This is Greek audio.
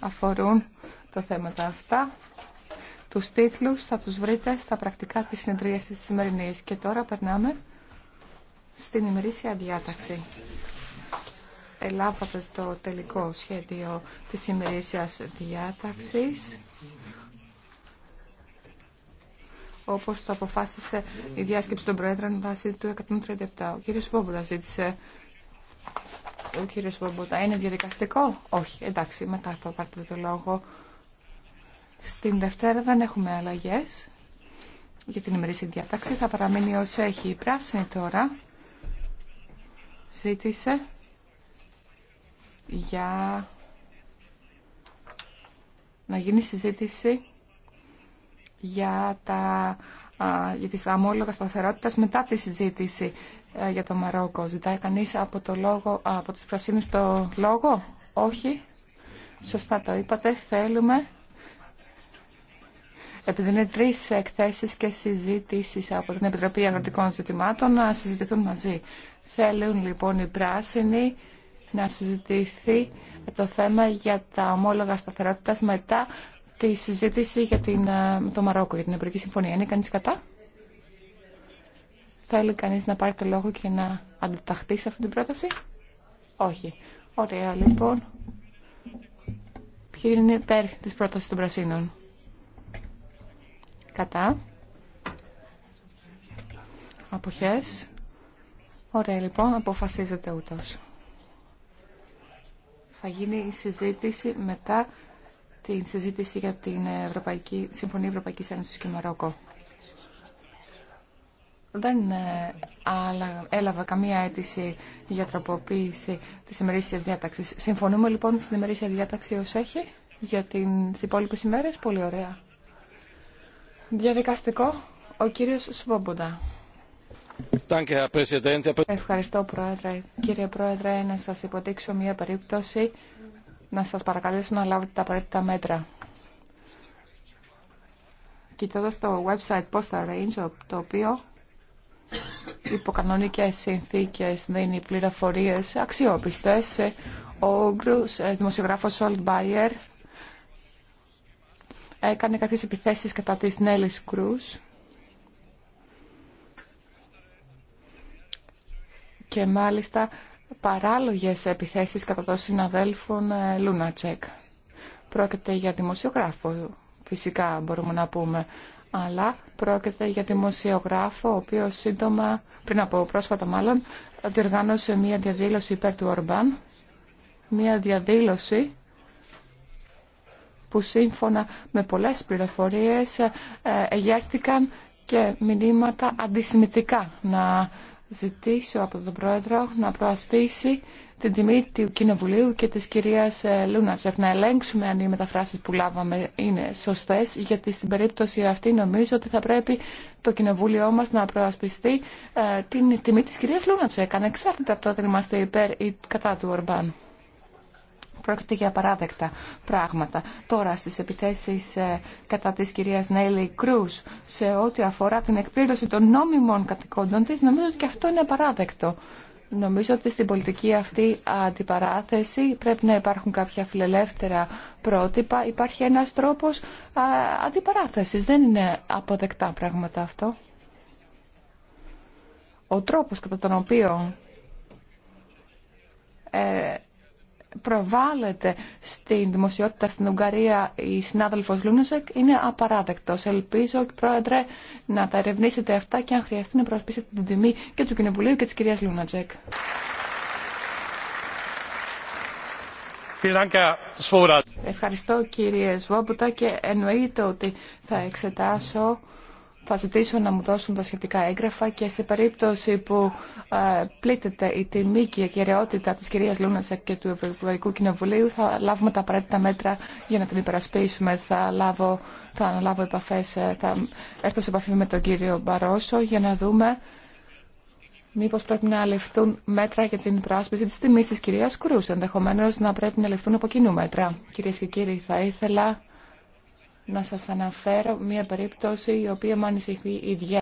αφορούν τα θέματα αυτά. Τους τίτλους θα τους βρείτε στα πρακτικά της συνεδρίασης της σημερινής. Και τώρα περνάμε στην ημερήσια διάταξη. Ελάβατε το τελικό σχέδιο της ημερήσιας διάταξης όπως το αποφάσισε η διάσκεψη των Προέδρων βάσει του 137. Ο κ. Βόμπουλα ζήτησε ο κύριος είναι διαδικαστικό. Όχι, εντάξει, μετά θα πάρτε το λόγο. Στην Δευτέρα δεν έχουμε αλλαγέ για την ημερήσια διάταξη. Θα παραμείνει όσο έχει η πράσινη τώρα. Ζήτησε για να γίνει συζήτηση για τα για τη αμόλογα σταθερότητας μετά τη συζήτηση ε, για το Μαρόκο. Ζητάει κανείς από, το λόγο, από τις το λόγο. Όχι. Σωστά το είπατε. Θέλουμε επειδή είναι τρει εκθέσει και συζήτηση από την Επιτροπή Αγροτικών Ζητημάτων να συζητηθούν μαζί. Θέλουν λοιπόν οι πράσινοι να συζητηθεί το θέμα για τα ομόλογα σταθερότητα μετά τη συζήτηση για ε, το Μαρόκο, για την Ευρωπαϊκή Συμφωνία. Είναι κανείς κατά? Θέλει κανείς να πάρει το λόγο και να αντιταχθεί σε αυτή την πρόταση? Όχι. Ωραία, λοιπόν. Ποιοι είναι υπέρ της πρότασης των πρασίνων? Κατά. Αποχές. Ωραία, λοιπόν, αποφασίζεται ούτως. Θα γίνει η συζήτηση μετά την συζήτηση για την Ευρωπαϊκή, Συμφωνία Ευρωπαϊκής Ένωση και Μαρόκο. Δεν ε, έλαβα καμία αίτηση για τροποποίηση τη ημερήσια διάταξη. Συμφωνούμε λοιπόν στην ημερήσια διάταξη ω έχει για τι υπόλοιπε ημέρε. Πολύ ωραία. Διαδικαστικό, ο κύριος Σβόμποντα. Ευχαριστώ, Πρόεδρε. Κύριε Πρόεδρε, να σας υποδείξω μια περίπτωση να σας παρακαλέσω να λάβετε τα απαραίτητα μέτρα. Κοιτώντας το website Postal Range, το οποίο υπό κανονικές συνθήκες δίνει πληροφορίες αξιόπιστες, ο Γκρους ε, δημοσιογράφος Old Bayer, έκανε κάποιες επιθέσεις κατά της Νέλης Κρούς και μάλιστα παράλογες επιθέσεις κατά των συναδέλφων ε, Λούνατσεκ. Πρόκειται για δημοσιογράφο, φυσικά μπορούμε να πούμε, αλλά πρόκειται για δημοσιογράφο, ο οποίος σύντομα, πριν από πρόσφατα μάλλον, διοργάνωσε μία διαδήλωση υπέρ του Ορμπάν, μία διαδήλωση που σύμφωνα με πολλές πληροφορίες ε, ε, εγέρθηκαν και μηνύματα αντισημητικά να ζητήσω από τον Πρόεδρο να προασπίσει την τιμή του Κοινοβουλίου και της κυρίας ε, Λούνατσεφ να ελέγξουμε αν οι μεταφράσεις που λάβαμε είναι σωστές γιατί στην περίπτωση αυτή νομίζω ότι θα πρέπει το Κοινοβούλιο μας να προασπιστεί ε, την τιμή της κυρίας Λούνατσεφ ανεξάρτητα από το ότι είμαστε υπέρ ή κατά του Ορμπάνου. Πρόκειται για παράδεκτα πράγματα. Τώρα στις επιθέσεις ε, κατά της κυρίας Νέιλι Κρούς σε ό,τι αφορά την εκπλήρωση των νόμιμων κατοικόντων της, νομίζω ότι και αυτό είναι παράδεκτο. Νομίζω ότι στην πολιτική αυτή αντιπαράθεση πρέπει να υπάρχουν κάποια φιλελεύθερα πρότυπα. Υπάρχει ένας τρόπος αντιπαράθεσης. Δεν είναι αποδεκτά πράγματα αυτό. Ο τρόπος κατά τον οποίο προβάλλεται στην δημοσιότητα στην Ουγγαρία η συνάδελφος Λούνεσεκ είναι απαράδεκτος. Ελπίζω, Πρόεδρε, να τα ερευνήσετε αυτά και αν χρειαστεί να προσπίσετε την τιμή και του Κοινοβουλίου και της κυρίας Λούνατζεκ. Ευχαριστώ κύριε Σβόμπουτα, και εννοείται ότι θα εξετάσω θα ζητήσω να μου δώσουν τα σχετικά έγγραφα και σε περίπτωση που ε, πλήττεται η τιμή και η ακαιρεότητα της κυρίας Λούνασεκ και του Ευρωπαϊκού Κοινοβουλίου θα λάβουμε τα απαραίτητα μέτρα για να την υπερασπίσουμε. Θα, λάβω, θα αναλάβω επαφές, ε, θα έρθω σε επαφή με τον κύριο Μπαρόσο για να δούμε μήπως πρέπει να ληφθούν μέτρα για την υπεράσπιση της τιμής της κυρίας Κρούς. Ενδεχομένως να πρέπει να ληφθούν από κοινού μέτρα. Κυρίες και κύριοι, θα ήθελα να σας αναφέρω μία περίπτωση η οποία μου ανησυχεί ιδιαίτερα.